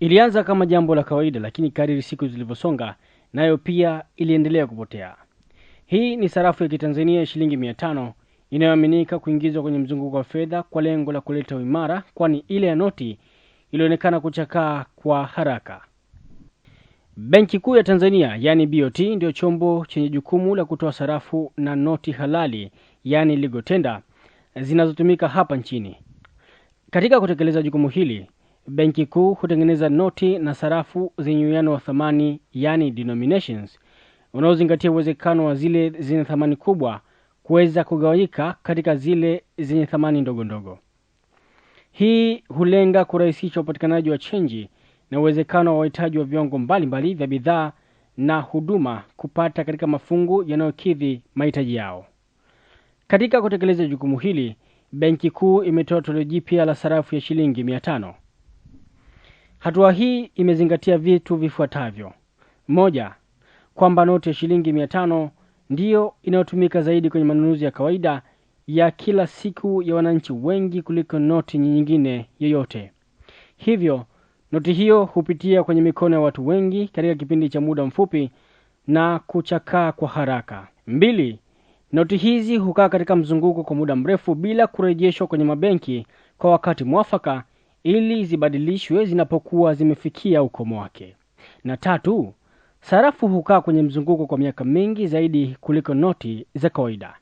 Ilianza kama jambo la kawaida, lakini kadiri siku zilivyosonga, nayo pia iliendelea kupotea. Hii ni sarafu ya Kitanzania ya shilingi mia tano inayoaminika kuingizwa kwenye mzunguko wa fedha kwa lengo la kuleta uimara, kwani ile ya noti ilionekana kuchakaa kwa haraka. Benki Kuu ya Tanzania yani BOT ndiyo chombo chenye jukumu la kutoa sarafu na noti halali yani legal tender zinazotumika hapa nchini. Katika kutekeleza jukumu hili, benki kuu hutengeneza noti na sarafu zenye uwiano wa thamani, yani denominations, unaozingatia uwezekano wa zile zenye thamani kubwa kuweza kugawanyika katika zile zenye thamani ndogo ndogo. Hii hulenga kurahisisha upatikanaji wa chenji na uwezekano wa wahitaji wa viwango mbalimbali vya bidhaa na huduma kupata katika mafungu yanayokidhi mahitaji yao. Katika kutekeleza jukumu hili, benki kuu imetoa toleo jipya la sarafu ya shilingi mia tano. Hatua hii imezingatia vitu vifuatavyo: moja, kwamba noti ya shilingi mia tano ndiyo inayotumika zaidi kwenye manunuzi ya kawaida ya kila siku ya wananchi wengi kuliko noti nyingine yoyote. Hivyo noti hiyo hupitia kwenye mikono ya watu wengi katika kipindi cha muda mfupi na kuchakaa kwa haraka. Mbili, noti hizi hukaa katika mzunguko kwa muda mrefu bila kurejeshwa kwenye mabenki kwa wakati mwafaka ili zibadilishwe zinapokuwa zimefikia ukomo wake. Na tatu, sarafu hukaa kwenye mzunguko kwa miaka mingi zaidi kuliko noti za kawaida.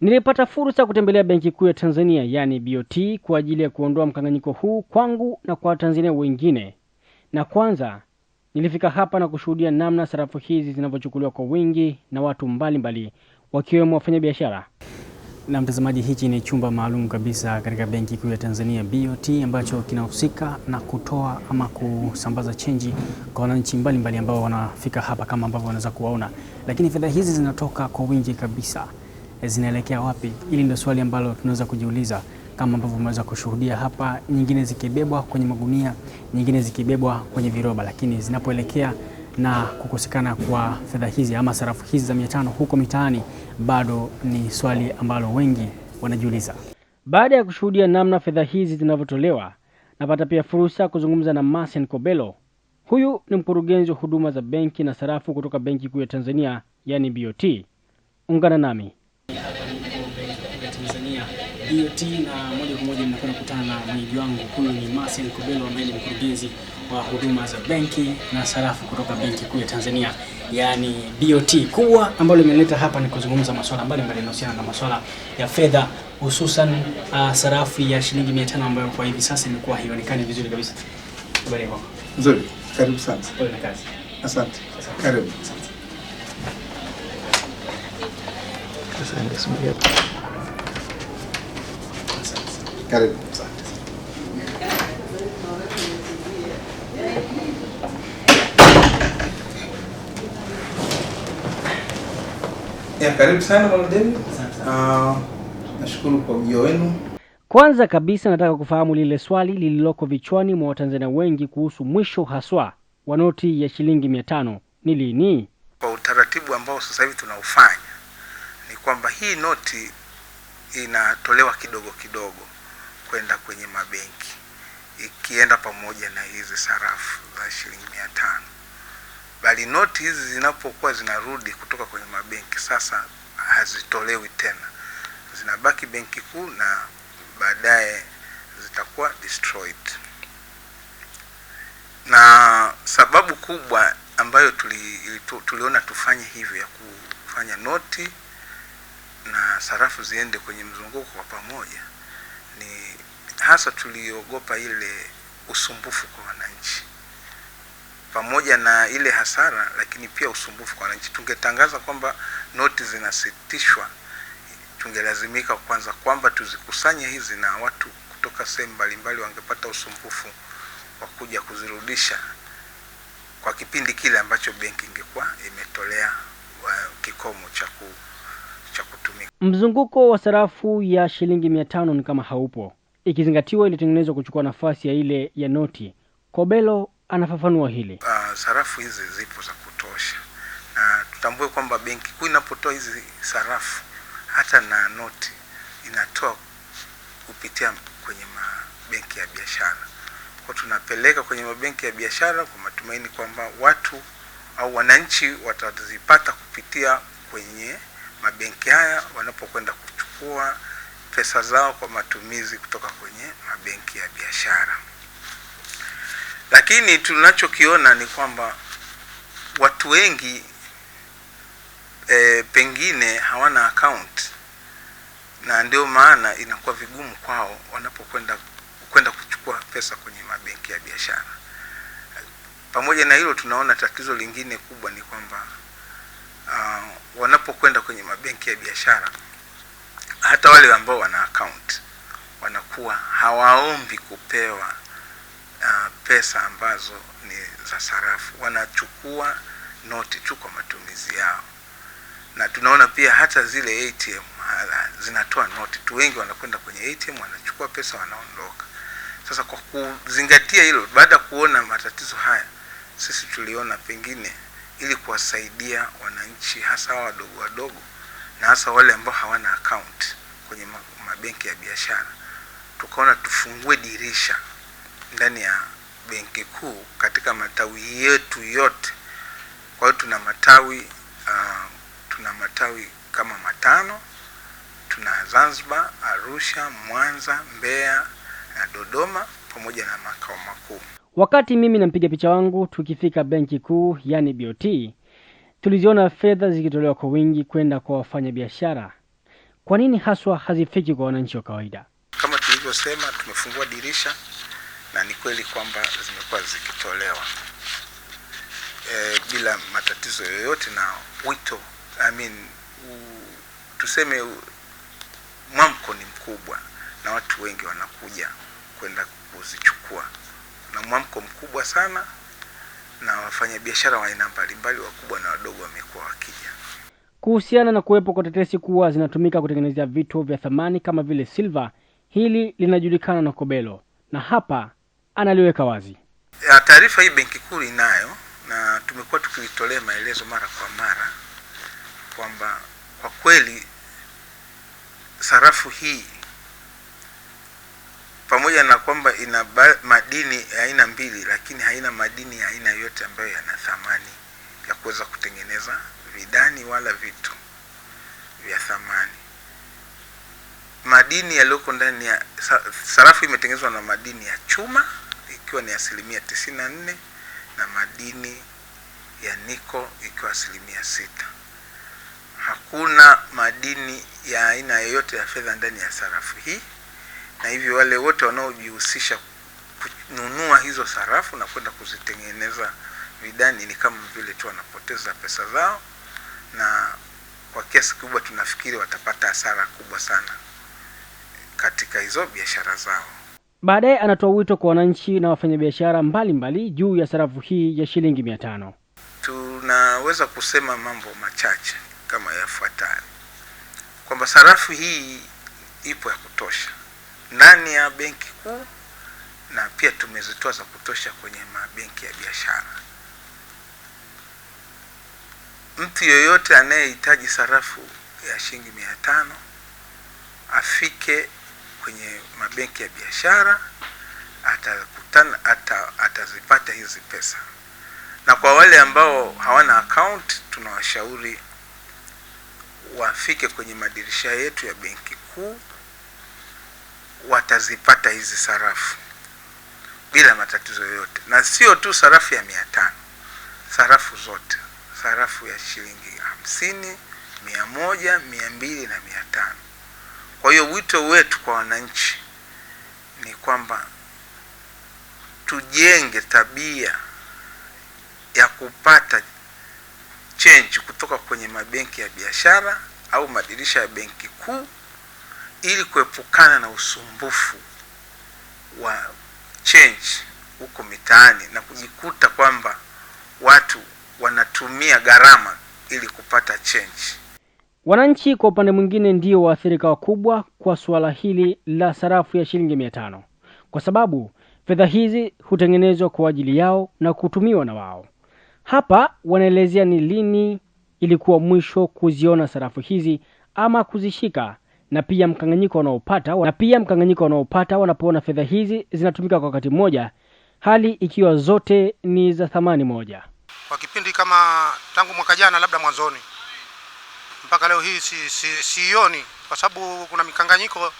Nilipata fursa ya kutembelea Benki Kuu ya Tanzania yani BOT kwa ajili ya kuondoa mkanganyiko huu kwangu na kwa Watanzania wengine. Na kwanza nilifika hapa na kushuhudia namna sarafu hizi zinavyochukuliwa kwa wingi na watu mbalimbali wakiwemo wafanyabiashara. Na mtazamaji, hichi ni chumba maalum kabisa katika Benki Kuu ya Tanzania BOT ambacho kinahusika na kutoa ama kusambaza chenji kwa wananchi mbalimbali ambao wanafika hapa kama ambavyo wanaweza kuwaona. Lakini fedha hizi zinatoka kwa wingi kabisa, eh, zinaelekea wapi? Hili ndio swali ambalo tunaweza kujiuliza kama ambavyo umeweza kushuhudia hapa, nyingine zikibebwa kwenye magunia, nyingine zikibebwa kwenye viroba, lakini zinapoelekea na kukosekana kwa fedha hizi ama sarafu hizi za mia tano huko mitaani bado ni swali ambalo wengi wanajiuliza. Baada ya kushuhudia namna fedha hizi zinavyotolewa, napata pia fursa ya kuzungumza na Masen Kobelo. Huyu ni mkurugenzi wa huduma za benki na sarafu kutoka Benki Kuu ya Tanzania, yani BOT. Ungana nami. DOT na moja kwa moja mnakwenda kukutana na mwenyeji wangu. Huyu ni Marcel Kobelo ambaye ni mkurugenzi wa huduma za benki na sarafu kutoka benki kuu ya Tanzania yani BOT. Kubwa ambalo limeleta hapa ni kuzungumza masuala mbalimbali yanayohusiana na masuala ya fedha hususan uh, sarafu ya shilingi 500 ambayo kwa hivi sasa imekuwa haionekani vizuri kabisa. Habari yako? Nzuri. Karibu sana. Pole na kazi. Asante. Asante. Karibu. Asante. Asante. Asante. Asante. Asante. Asante. Asante. Karibu. Asante. karibu sana Mama ah, nashukuru kwa ujio wenu. Kwanza kabisa nataka kufahamu lile swali lililoko vichwani mwa Watanzania wengi kuhusu mwisho haswa wa noti ya shilingi mia tano ni lini? Kwa utaratibu ambao sasa hivi tunaufanya ni kwamba hii noti inatolewa kidogo kidogo, kwenda kwenye mabenki ikienda pamoja na hizi sarafu za shilingi mia tano bali noti hizi zinapokuwa zinarudi kutoka kwenye mabenki sasa hazitolewi tena, zinabaki benki kuu na baadaye zitakuwa destroyed. Na sababu kubwa ambayo tuli, tuliona tufanye hivyo ya kufanya noti na sarafu ziende kwenye mzunguko kwa pamoja ni hasa tuliogopa ile usumbufu kwa wananchi pamoja na ile hasara, lakini pia usumbufu kwa wananchi. Tungetangaza kwamba noti zinasitishwa, tungelazimika kwanza kwamba tuzikusanye hizi, na watu kutoka sehemu mbalimbali wangepata usumbufu wa kuja kuzirudisha kwa kipindi kile ambacho benki ingekuwa imetolea uh, kikomo cha ku cha kutumika. Mzunguko wa sarafu ya shilingi mia tano ni kama haupo, ikizingatiwa ilitengenezwa kuchukua nafasi ya ile ya noti. Kobelo anafafanua hili. Uh, sarafu hizi zipo za kutosha, na tutambue kwamba benki kuu inapotoa hizi sarafu hata na noti inatoa kupitia kwenye mabenki ya biashara, kwa tunapeleka kwenye mabenki ya biashara kwa matumaini kwamba watu au wananchi watazipata kupitia kwenye mabenki haya wanapokwenda kuchukua pesa zao kwa matumizi kutoka kwenye mabenki ya biashara. Lakini tunachokiona ni kwamba watu wengi e, pengine hawana account na ndio maana inakuwa vigumu kwao wanapokwenda kwenda kuchukua pesa kwenye mabenki ya biashara. Pamoja na hilo, tunaona tatizo lingine kubwa ni kwamba uh, wanapokwenda kwenye mabenki ya biashara, hata wale ambao wana account wanakuwa hawaombi kupewa uh, pesa ambazo ni za sarafu, wanachukua noti tu kwa matumizi yao, na tunaona pia hata zile ATM ah, zinatoa noti tu, wengi wanakwenda kwenye ATM wanachukua pesa wanaondoka. Sasa kwa kuzingatia hilo, baada ya kuona matatizo haya, sisi tuliona pengine ili kuwasaidia wananchi hasa wadogo wadogo na hasa wale ambao hawana account kwenye mabenki ya biashara. Tukaona tufungue dirisha ndani ya benki kuu katika matawi yetu yote. Kwa hiyo tuna matawi uh, tuna matawi kama matano, tuna Zanzibar, Arusha, Mwanza, Mbeya na Dodoma pamoja na makao makuu. Wakati mimi na mpiga picha wangu tukifika benki kuu, yani BOT, tuliziona fedha zikitolewa kwa wingi kwenda kwa wafanyabiashara. Kwa nini haswa hazifiki kwa wananchi wa kawaida? Kama tulivyosema, tumefungua dirisha na ni kweli kwamba zimekuwa zikitolewa e, bila matatizo yoyote na wito I mean, u, tuseme mwamko ni mkubwa na watu wengi wanakuja kwenda kuzichukua na mwamko mkubwa sana, na wafanyabiashara wa aina mbalimbali wakubwa na wadogo wamekuwa wakija. Kuhusiana na kuwepo kwa tetesi kuwa zinatumika kutengenezea vitu vya thamani kama vile silva, hili linajulikana na Kobelo na hapa analiweka wazi. Taarifa hii Benki Kuu inayo na tumekuwa tukilitolea maelezo mara kwa mara kwamba kwa kweli sarafu hii pamoja na kwamba ina madini ya aina mbili, lakini haina madini ya aina yote ambayo yana thamani ya kuweza kutengeneza vidani wala vitu vya thamani. Madini yaliyoko ndani ya sarafu imetengenezwa na madini ya chuma ikiwa ni asilimia tisini na nne na madini ya niko ikiwa asilimia sita. Hakuna madini ya aina yoyote ya fedha ndani ya sarafu hii na hivyo wale wote wanaojihusisha kununua hizo sarafu na kwenda kuzitengeneza vidani ni kama vile tu wanapoteza pesa zao, na kwa kiasi kikubwa tunafikiri watapata hasara kubwa sana katika hizo biashara zao. Baadaye anatoa wito kwa wananchi na wafanyabiashara mbalimbali juu ya sarafu hii ya shilingi mia tano. Tunaweza kusema mambo machache kama yafuatayo, kwamba sarafu hii ipo ya kutosha ndani ya benki kuu na pia tumezitoa za kutosha kwenye mabenki ya biashara. Mtu yoyote anayehitaji sarafu ya shilingi mia tano afike kwenye mabenki ya biashara atakutana ata, atazipata hizi pesa. Na kwa wale ambao hawana account, tunawashauri wafike kwenye madirisha yetu ya benki kuu watazipata hizi sarafu bila matatizo yote na sio tu sarafu ya mia tano, sarafu zote, sarafu ya shilingi hamsini, mia moja, mia mbili na mia tano. Kwa hiyo wito wetu kwa wananchi ni kwamba tujenge tabia ya kupata change kutoka kwenye mabenki ya biashara au madirisha ya benki kuu ili kuepukana na usumbufu wa change huko mitaani na kujikuta kwamba watu wanatumia gharama ili kupata change. Wananchi kwa upande mwingine ndio waathirika wakubwa kwa suala hili la sarafu ya shilingi mia tano kwa sababu fedha hizi hutengenezwa kwa ajili yao na kutumiwa na wao. Hapa wanaelezea ni lini ilikuwa mwisho kuziona sarafu hizi ama kuzishika na pia mkanganyiko wanaopata na pia mkanganyiko wanaopata wanapoona fedha hizi zinatumika kwa wakati mmoja, hali ikiwa zote ni za thamani moja. Kwa kipindi kama tangu mwaka jana labda mwanzoni mpaka leo hii siioni si, si kwa sababu kuna mikanganyiko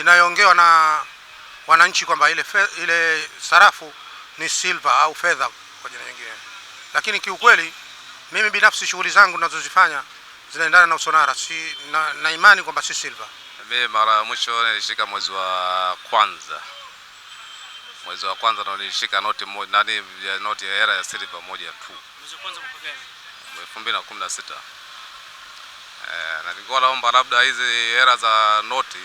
inayoongewa na wananchi kwamba ile, fe, ile sarafu ni silver au fedha kwa jina nyingine, lakini kiukweli mimi binafsi shughuli zangu ninazozifanya zinaendana na Usonara si, na, na imani kwamba si silver. Mimi mara ya mwisho nilishika mwezi wa kwanza mwezi wa kwanza na nilishika noti moja nani ya noti ya era ya silver moja tu. Mwezi wa kwanza mwaka gani? 2016. Eh, na nilikuwa naomba labda hizi era za noti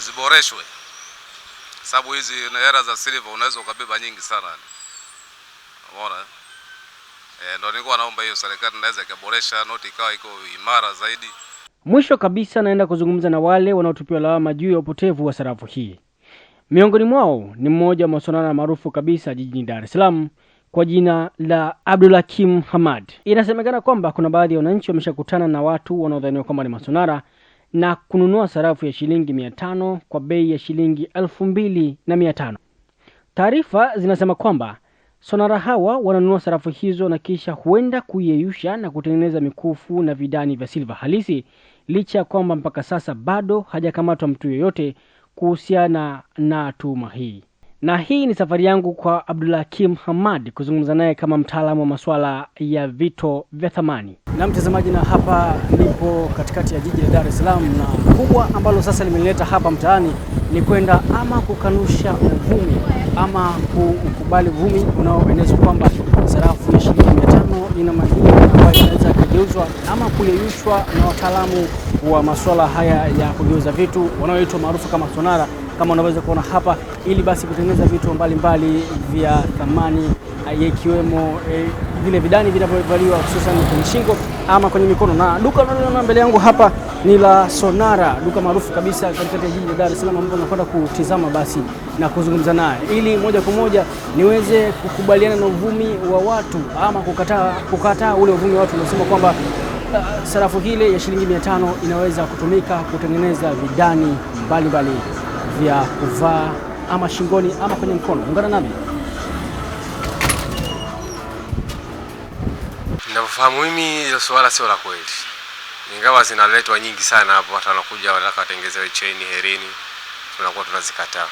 ziboreshwe, sababu hizi era za silver unaweza ukabeba nyingi sana, unaona E, ndo nilikuwa naomba hiyo serikali naweza ikaboresha noti ikawa iko imara zaidi. Mwisho kabisa naenda kuzungumza na wale wanaotupiwa lawama juu ya upotevu wa sarafu hii. Miongoni mwao ni mmoja wa masonana maarufu kabisa jijini Dar es Salaam kwa jina la Abdulhakim Hamad. Inasemekana kwamba kuna baadhi ya wananchi wameshakutana na watu wanaodhaniwa kwamba ni masonara na kununua sarafu ya shilingi mia tano kwa bei ya shilingi elfu mbili na mia tano. Taarifa zinasema kwamba Sonara hawa wananunua sarafu hizo na kisha huenda kuiyeyusha na kutengeneza mikufu na vidani vya silva halisi, licha ya kwamba mpaka sasa bado hajakamatwa mtu yoyote kuhusiana na tuhuma hii. Na hii ni safari yangu kwa Abdulhakim Hamad kuzungumza naye kama mtaalamu wa masuala ya vito vya thamani. Na mtazamaji, na hapa nipo katikati ya jiji la Dar es Salaam, na kubwa ambalo sasa limenileta hapa mtaani ni kwenda ama kukanusha uvumi ama kukubali uvumi unaoenezwa kwamba sarafu ya shilingi mia tano ina madini ambayo inaweza kugeuzwa ama kuyeyushwa na wataalamu wa masuala haya ya kugeuza vitu wanaoitwa maarufu kama sonara, kama unaweza kuona hapa, ili basi kutengeneza vitu mbalimbali vya thamani, eh, ikiwemo eh, vile vidani vinavyovaliwa hususan kwenye shingo ama kwenye mikono, na duka unaloona mbele yangu hapa ni la Sonara, duka maarufu kabisa katikati ya jiji la Dar es Salaam, ambapo nakwenda kutizama basi na kuzungumza naye ili moja kwa moja niweze kukubaliana na uvumi wa watu ama kukataa kukataa ule uvumi wa watu unaosema kwamba uh, sarafu hile ya shilingi mia tano inaweza kutumika kutengeneza vidani mbalimbali vya kuvaa ama shingoni ama kwenye mkono. Ungana nami. nafahamu mimi hilo swala sio la kweli, ingawa zinaletwa nyingi sana hapo, hata wanakuja wanataka watengezewe cheni, herini, tunakuwa tunazikataa,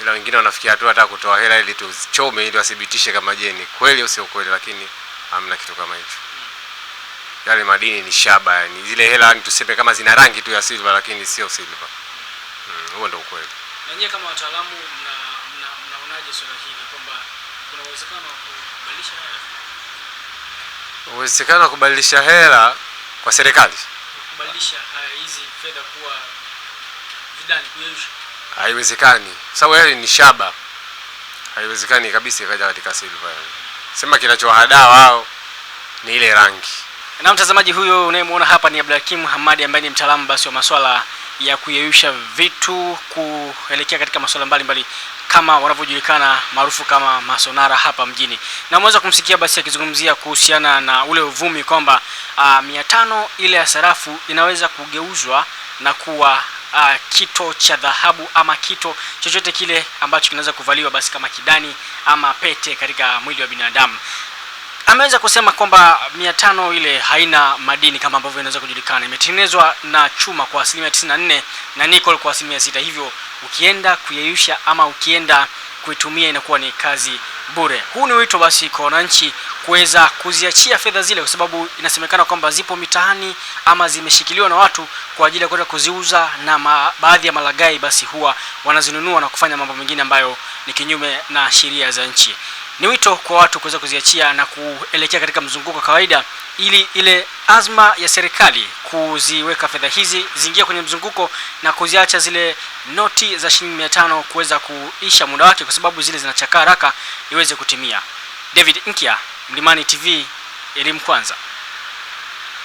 ila wengine wanafikia hatua hata kutoa hela ili tuchome, ili wathibitishe kama je ni kweli au sio kweli, lakini hamna kitu kama hicho. Yale madini ni shaba, yani zile hela ni tuseme kama zina rangi tu ya silver, lakini sio silver. Hmm, huo ndio ukweli. Na nyie kama wataalamu mnaonaje swala hili kwamba kuna uwezekano wa kubadilisha hela? uwezekano wa kubadilisha hela kwa serikali kubadilisha eh, hizi fedha kuwa vidani kuyeyusha, haiwezekani sababu hela ni shaba, haiwezekani kabisa ikaja katika silver. Sema kinachowahadaa wao ni ile rangi. Na mtazamaji huyo unayemwona hapa ni Abdulhakim Hamadi ambaye ni mtaalamu basi wa masuala ya kuyeyusha vitu kuelekea katika masuala mbalimbali kama wanavyojulikana maarufu kama masonara hapa mjini, na umeweza kumsikia basi akizungumzia kuhusiana na ule uvumi kwamba ah, mia tano ile ya sarafu inaweza kugeuzwa na kuwa Uh, kito cha dhahabu ama kito chochote kile ambacho kinaweza kuvaliwa basi kama kidani ama pete katika mwili wa binadamu ameweza kusema kwamba mia tano ile haina madini kama ambavyo inaweza kujulikana. Imetengenezwa na chuma kwa asilimia 94 na nickel kwa asilimia sita, hivyo ukienda kuyeyusha ama ukienda kuitumia inakuwa ni kazi bure. Huu ni wito basi kwa wananchi kuweza kuziachia fedha zile, kwa sababu inasemekana kwamba zipo mitaani ama zimeshikiliwa na watu kwa ajili ya kwenda kuziuza, na ma, baadhi ya malagai basi huwa wanazinunua na kufanya mambo mengine ambayo ni kinyume na sheria za nchi. Ni wito kwa watu kuweza kuziachia na kuelekea katika mzunguko wa kawaida, ili ile azma ya serikali kuziweka fedha hizi ziingia kwenye mzunguko na kuziacha zile noti za shilingi mia tano kuweza kuisha muda wake, kwa sababu zile zinachakaa haraka, iweze kutimia. David Nkya, Mlimani TV, elimu kwanza.